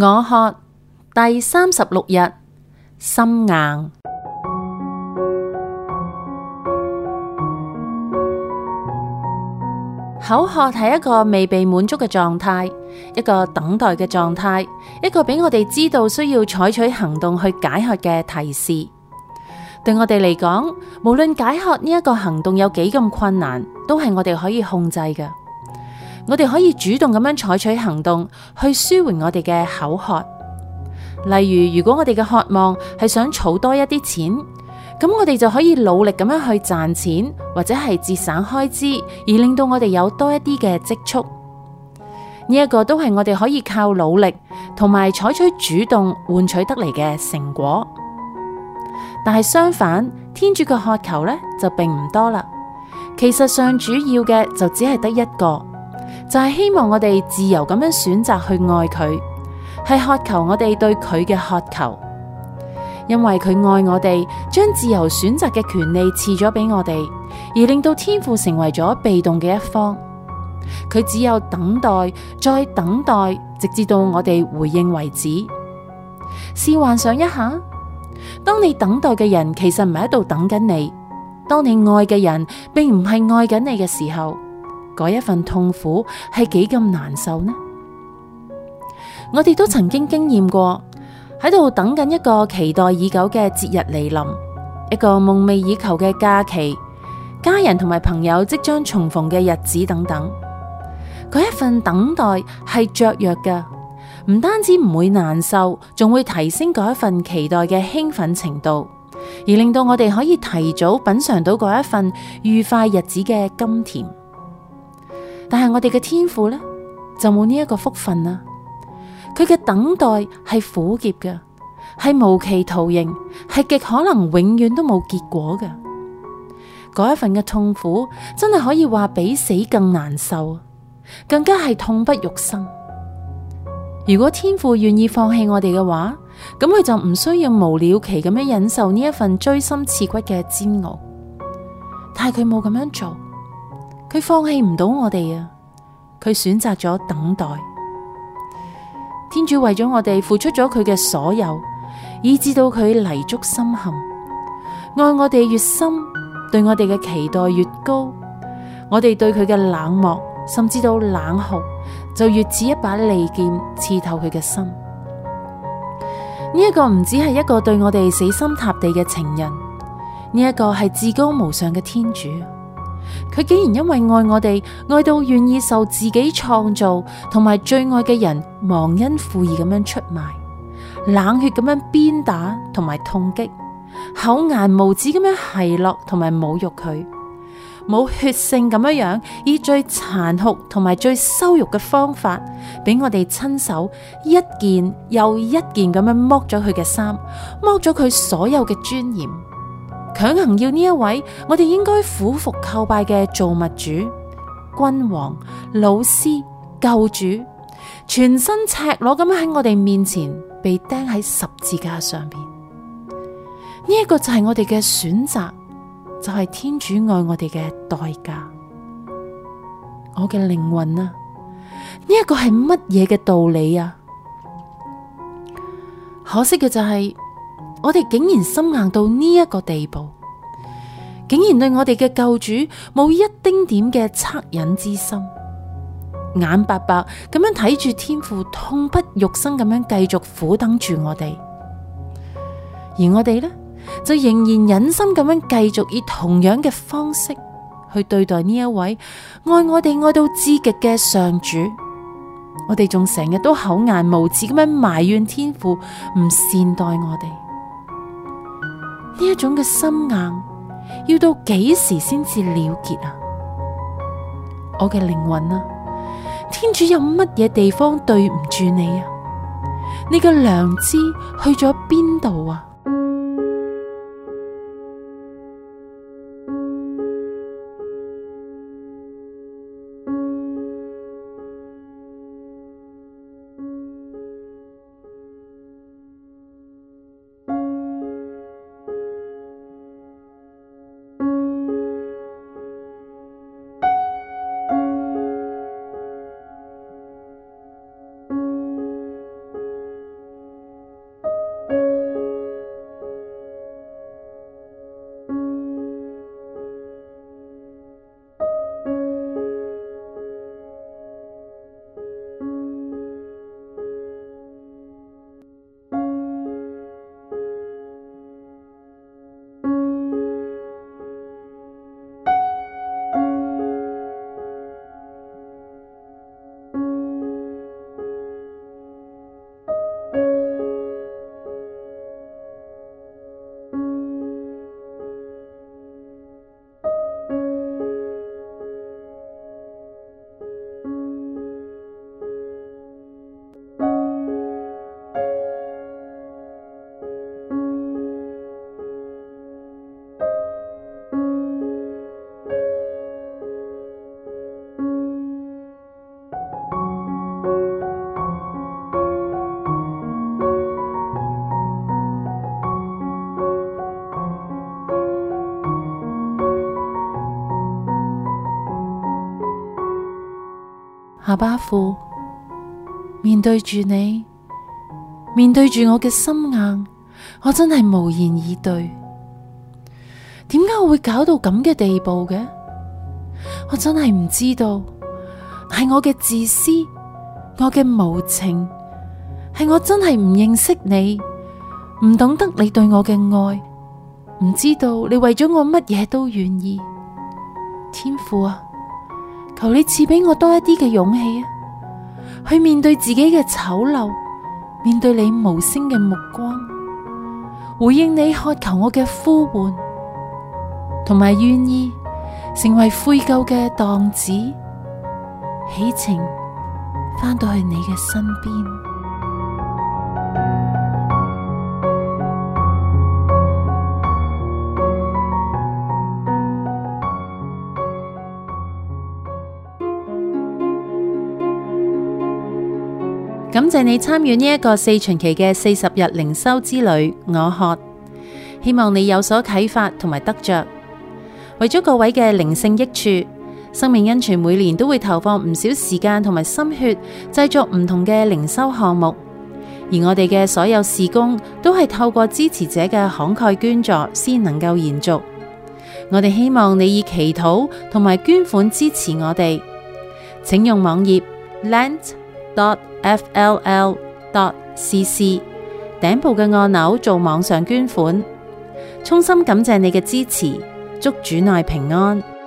我渴第三十六日心硬。口渴係一個未被滿足嘅狀態，一個等待嘅狀態，一個俾我哋知道需要採取行動去解渴嘅提示。對我哋嚟講，無論解渴呢一個行動有幾咁困難，都係我哋可以控制嘅。我哋可以主動咁樣採取行動去舒緩我哋嘅口渴，例如如果我哋嘅渴望係想儲多一啲錢，咁我哋就可以努力咁樣去賺錢或者係節省開支，而令到我哋有多一啲嘅積蓄。呢一個都係我哋可以靠努力同埋採取主動換取得嚟嘅成果。但係相反，天主嘅渴求呢，就並唔多啦。其實上主要嘅就只係得一個。就係希望我哋自由咁樣選擇去愛佢，係渴求我哋對佢嘅渴求，因為佢愛我哋，將自由選擇嘅權利賜咗俾我哋，而令到天父成為咗被動嘅一方，佢只有等待，再等待，直至到我哋回應為止。試幻想一下，當你等待嘅人其實唔係喺度等緊你，當你愛嘅人並唔係愛緊你嘅時候。嗰一份痛苦係幾咁難受呢？我哋都曾經經驗過喺度等緊一個期待已久嘅節日嚟臨，一個夢寐以求嘅假期，家人同埋朋友即將重逢嘅日子等等。嗰一份等待係雀躍嘅，唔單止唔會難受，仲會提升嗰一份期待嘅興奮程度，而令到我哋可以提早品嘗到嗰一份愉快日子嘅甘甜。但係我哋嘅天父咧，就冇呢一個福分喇！佢嘅等待係苦澀嘅，係無期徒刑，係極可能永遠都冇結果嘅。嗰一份嘅痛苦，真係可以話比死更難受，更加係痛不欲生。如果天父願意放棄我哋嘅話，咁佢就唔需要無了期咁樣忍受呢一份錐心刺骨嘅煎熬。但係佢冇咁樣做。佢放棄唔到我哋啊！佢選擇咗等待。天主為咗我哋付出咗佢嘅所有，以致到佢泥足深陷。愛我哋越深，對我哋嘅期待越高，我哋對佢嘅冷漠，甚至到冷酷，就越似一把利劍刺透佢嘅心。呢一個唔只係一個對我哋死心塌地嘅情人，呢一個係至高無上嘅天主。佢竟然因為愛我哋，愛到願意受自己創造同埋最愛嘅人忘恩負義咁樣出賣，冷血咁樣鞭打同埋痛擊，厚顏無恥咁樣奚落同埋侮辱佢，冇血性咁樣樣，以最殘酷同埋最羞辱嘅方法，俾我哋親手一件又一件咁樣剝咗佢嘅衫，剝咗佢所有嘅尊嚴。強行要呢一位，我哋應該俯伏叩拜嘅造物主、君王、老師、救主，全身赤裸咁喺我哋面前被釘喺十字架上邊。呢、這、一個就係我哋嘅選擇，就係、是、天主愛我哋嘅代價。我嘅靈魂啊，呢、這、一個係乜嘢嘅道理啊？可惜嘅就係、是。我哋竟然心硬到呢一個地步，竟然對我哋嘅救主冇一丁點嘅惻隱之心，眼白白咁樣睇住天父痛不欲生咁樣繼續苦等住我哋，而我哋呢就仍然忍心咁樣繼續以同樣嘅方式去對待呢一位愛我哋愛到至極嘅上主，我哋仲成日都厚顏無恥咁樣埋怨天父唔善待我哋。呢一種嘅心硬，要到幾時先至了結啊？我嘅靈魂啊，天主有乜嘢地方對唔住你啊？你嘅良知去咗邊度啊？阿爸父，面對住你，面對住我嘅心硬，我真係無言以對。點解我會搞到咁嘅地步嘅？我真係唔知道，係我嘅自私，我嘅無情，係我真係唔認識你，唔懂得你對我嘅愛，唔知道你為咗我乜嘢都願意，天父啊！求你賜俾我多一啲嘅勇氣啊，去面對自己嘅醜陋，面對你無聲嘅目光，回應你渴求我嘅呼喚，同埋願意成為悔疚嘅蕩子，啟程翻到去你嘅身邊。感謝你參與呢一個四旬期嘅四十日靈修之旅。我渴，希望你有所啟發同埋得着。為咗各位嘅靈性益處，生命恩泉每年都會投放唔少時間同埋心血，製作唔同嘅靈修項目。而我哋嘅所有事工都係透過支持者嘅慷慨捐助先能夠延續。我哋希望你以祈禱同埋捐款支持我哋，請用網頁 Lent. FLL.cc 頂部嘅按鈕做網上捐款，衷心感謝你嘅支持，祝主內平安。